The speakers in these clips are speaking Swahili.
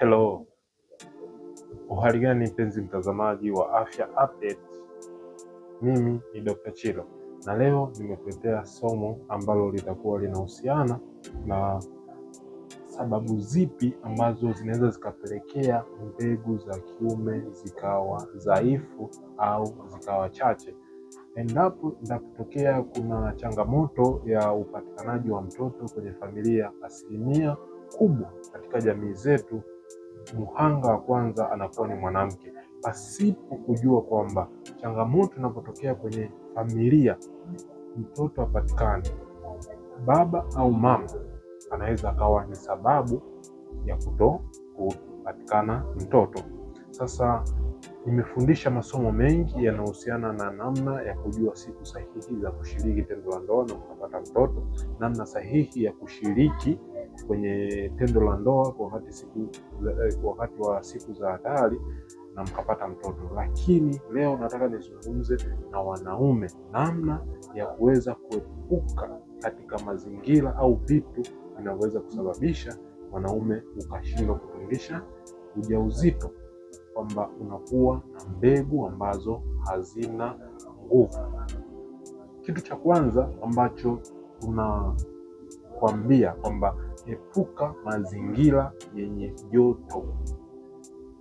Hello, uhali gani mpenzi mtazamaji wa Afya Update. Mimi ni Dr. Chilo na leo nimekuletea somo ambalo litakuwa linahusiana na sababu zipi ambazo zinaweza zikapelekea mbegu za kiume zikawa dhaifu au zikawa chache endapo inapotokea kuna changamoto ya upatikanaji wa mtoto kwenye familia. Asilimia kubwa katika jamii zetu muhanga wa kwanza anakuwa ni mwanamke, pasipo kujua kwamba changamoto inapotokea kwenye familia, mtoto apatikane, baba au mama anaweza akawa ni sababu ya kuto kupatikana mtoto. Sasa nimefundisha masomo mengi yanayohusiana na namna ya kujua siku sahihi za kushiriki tendo la ndoa na kupata mtoto, namna sahihi ya kushiriki kwenye tendo la ndoa kwa wakati siku, kwa wakati wa siku za hatari na mkapata mtoto. Lakini leo nataka nizungumze na wanaume namna ya kuweza kuepuka katika mazingira au vitu vinavyoweza kusababisha mwanaume ukashindwa kutungisha ujauzito, kwamba unakuwa na mbegu ambazo hazina nguvu. Kitu cha kwanza ambacho tunakwambia kwamba epuka mazingira yenye joto.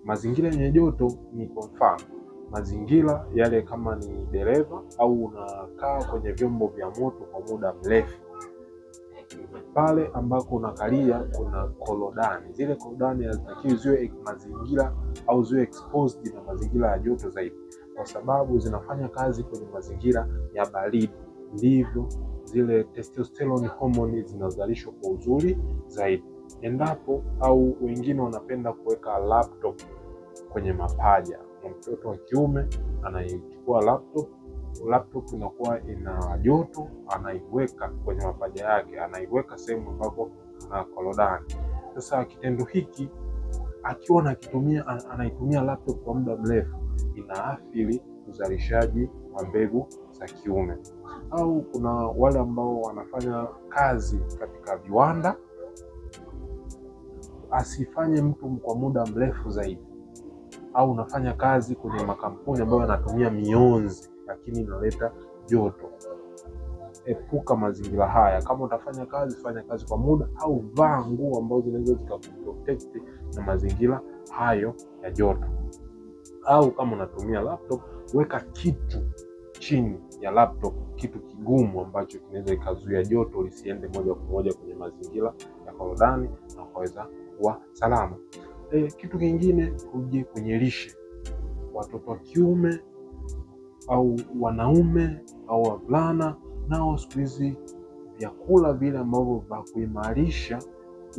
Mazingira yenye joto ni kwa mfano mazingira yale kama ni dereva au unakaa kwenye vyombo vya moto kwa muda mrefu, pale ambako unakalia kuna korodani. Zile korodani hazitakiwi ziwe mazingira au ziwe exposed na mazingira ya joto zaidi, kwa sababu zinafanya kazi kwenye mazingira ya baridi ndivyo zile testosterone hormone zinazalishwa kwa uzuri zaidi. Endapo au wengine wanapenda kuweka laptop kwenye mapaja, na mtoto wa kiume anaichukua laptop, laptop inakuwa ina joto, anaiweka kwenye mapaja yake, anaiweka sehemu ambapo na korodani. Sasa kitendo hiki akiwa anakitumia anaitumia laptop kwa muda mrefu, inaathiri uzalishaji wa mbegu za kiume, au kuna wale ambao wanafanya kazi katika viwanda. Asifanye mtu kwa muda mrefu zaidi, au unafanya kazi kwenye makampuni ambayo yanatumia mionzi, lakini inaleta joto. Epuka mazingira haya. Kama utafanya kazi, fanya kazi kwa muda, au vaa nguo ambazo zinaweza zikakuprotect na mazingira hayo ya joto, au kama unatumia laptop, weka kitu chini ya laptop kitu kigumu ambacho kinaweza ikazuia joto lisiende moja kwa moja kwenye mazingira ya korodani na ukaweza kuwa salama. E, kitu kingine tuje kwenye lishe. Watoto wa kiume au wanaume au wavulana nao siku hizi vyakula vile ambavyo vya kuimarisha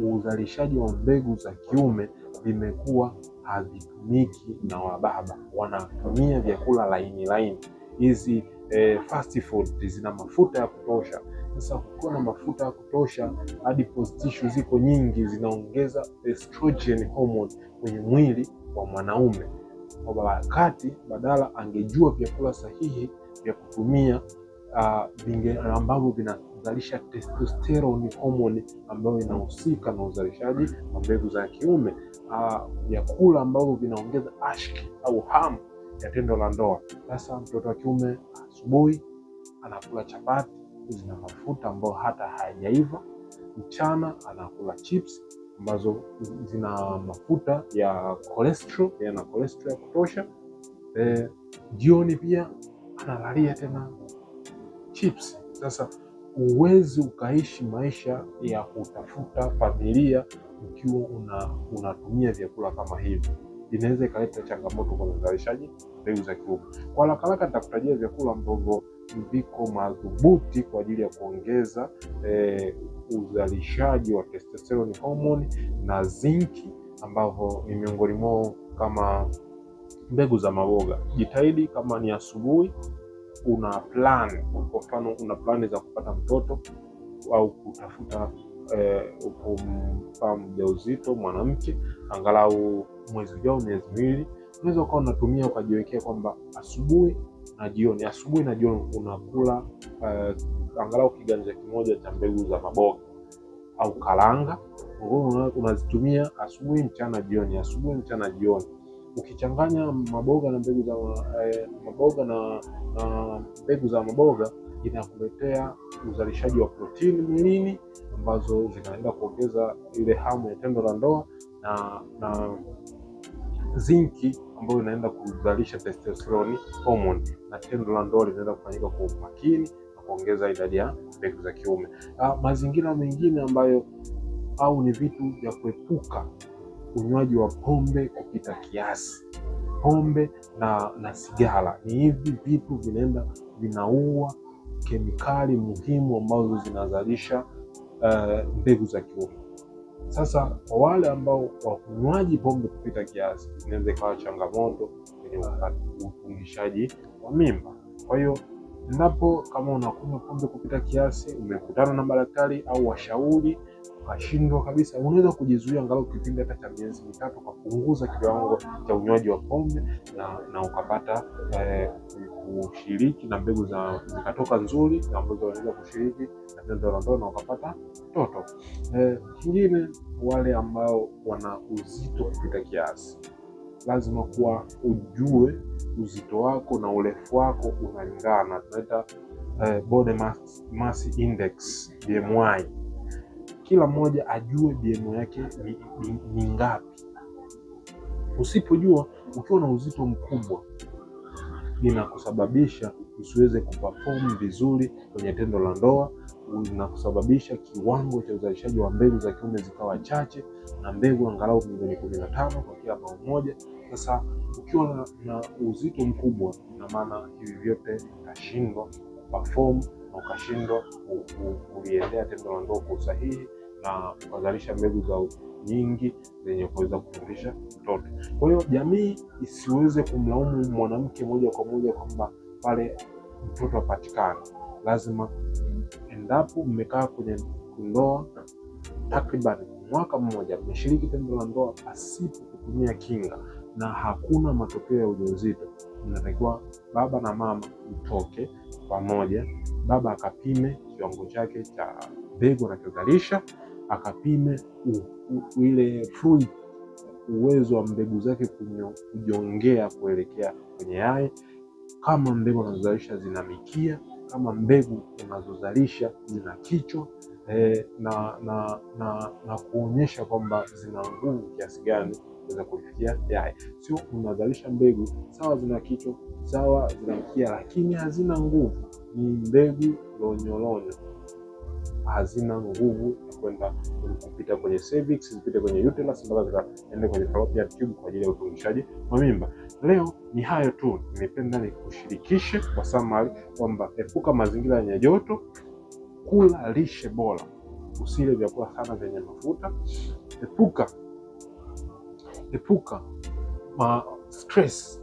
uzalishaji wa mbegu za kiume vimekuwa havitumiki na wababa, wanatumia vyakula laini laini hizi eh, fast food zina mafuta ya kutosha. Sasa kukiwa na mafuta ya kutosha, adipose tissue ziko nyingi, zinaongeza estrogen hormone kwenye mwili wa mwanaume, kwa wakati badala angejua vyakula sahihi vya kutumia uh, ambavyo vinazalisha testosterone hormone ambayo inahusika na uzalishaji wa mbegu za kiume, ah, vyakula uh, ambavyo vinaongeza ashki au hamu ya tendo la ndoa. Sasa mtoto wa kiume asubuhi anakula chapati zina mafuta ambayo hata hayajaiva, mchana anakula chips ambazo zina mafuta ya cholesterol, yana cholesterol ya kutosha. E, jioni pia analalia tena chips. Sasa huwezi ukaishi maisha ya kutafuta familia ukiwa unatumia vyakula kama hivi inaweza ikaleta changamoto kwa uzalishaji mbegu za kiume. Kwa haraka haraka nitakutajia vyakula ambavyo viko madhubuti kwa ajili ya kuongeza e, uzalishaji wa testosterone hormone na zinki ambavyo ni miongoni mwao kama mbegu za maboga. Jitahidi kama ni asubuhi una plan, kwa mfano una plani za kupata mtoto au kutafuta eh, kumpa e, mjauzito mwanamke angalau mwezi ujao, miezi miwili, unaweza ukawa unatumia ukajiwekea kwamba asubuhi na jioni, asubuhi na jioni unakula uh, angalau kiganja kimoja cha mbegu za maboga au karanga, unazitumia asubuhi, mchana, jioni, asubuhi, mchana, jioni. Ukichanganya maboga na mbegu za eh, maboga na, na mbegu za maboga inakuletea uzalishaji wa protini mwilini ambazo zinaenda kuongeza ile hamu ya tendo la ndoa na, na zinki ambayo inaenda kuzalisha testosterone hormone, na tendo la ndoa linaenda kufanyika kwa umakini na kuongeza idadi ya mbegu za kiume. Ah, mazingira mengine ambayo au ni vitu vya kuepuka unywaji wa pombe kupita kiasi. Pombe na, na sigara ni hivi vitu vinaenda vinaua kemikali muhimu ambazo zinazalisha eh, mbegu uh, za kiume. Sasa kwa wale ambao wakunywaji pombe kupita kiasi, inaweza ikawa changamoto kwenye utungishaji wa mimba, kwa hiyo Endapo kama unakunywa pombe kupita kiasi, umekutana na madaktari au washauri ukashindwa kabisa, unaweza kujizuia angalau kipindi hata cha miezi mitatu kwa kupunguza kiwango cha unywaji wa pombe na, na ukapata eh, kushiriki na mbegu za zikatoka nzuri na ambazo wanaweza kushiriki na tendo la ndoa na ukapata mtoto. Eh, kingine eh, wale ambao wana uzito kupita kiasi lazima kuwa ujue uzito wako na urefu wako unalingana, tunaita eh, body mass, mass index BMI. Kila mmoja ajue BMI yake ni, ni, ni ngapi. Usipojua, ukiwa na uzito mkubwa inakusababisha usiweze kuperform vizuri kwenye tendo la ndoa na kusababisha kiwango cha uzalishaji wa mbegu za kiume zikawa chache na mbegu angalau milioni kumi na tano kwa kila pao moja. Sasa ukiwa na, na uzito mkubwa, ina maana hivi vyote kashindwa perform na ukashindwa kuliendea tendo la ndoa kwa usahihi na ukazalisha mbegu za nyingi zenye kuweza kufundisha mtoto. Kwa hiyo jamii isiweze kumlaumu mwanamke moja kwa moja kwamba pale mtoto apatikana, lazima endapo mmekaa kwenye ndoa takriban mwaka mmoja, mmeshiriki tendo la ndoa pasipo kutumia kinga na hakuna matokeo ya ujauzito, mnatakiwa baba na mama mtoke pamoja, baba akapime kiwango chake cha mbegu anachozalisha, akapime ile fluid uwezo wa mbegu zake kujongea kuelekea kwenye yai, kama mbegu anazozalisha zinamikia kama mbegu unazozalisha zina kichwa e, na, na, na, na kuonyesha kwamba zina nguvu kiasi gani za kufikia yai. Sio unazalisha mbegu sawa, zina kichwa sawa, zina mkia, lakini hazina nguvu. Ni mbegu lonyolonyo, hazina nguvu kwenda kupita kwenye cervix, zipite kwenye uterus mpaka zikaende kwenye fallopian tube kwa ajili ya utungishaji wa mimba. Leo ni hayo tu, nimependa nikushirikishe kwa summary kwamba epuka mazingira yenye joto, kula lishe bora, usile vyakula sana vyenye mafuta, epuka epuka ma stress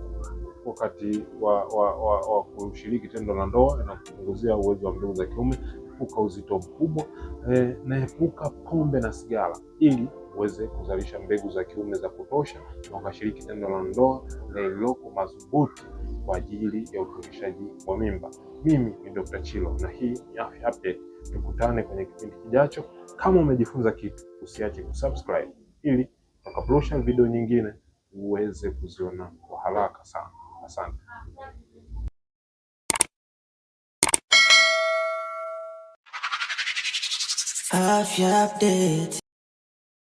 wakati wa, wa, wa, wa kushiriki tendo la ndoa na kupunguzia uwezo wa mbegu za kiume epuka uzito mkubwa e, eh, na epuka pombe na sigara ili uweze kuzalisha mbegu za kiume za kutosha na ukashiriki tendo la ndoa lililoko madhubuti kwa ajili ya utungishaji wa mimba. Mimi ni Dr. Chilo na hii ni Afya Update. Tukutane kwenye kipindi kijacho. Kama umejifunza kitu, usiache kusubscribe ili tutakaporusha video nyingine uweze kuziona kwa haraka sana. Asante. Afya update.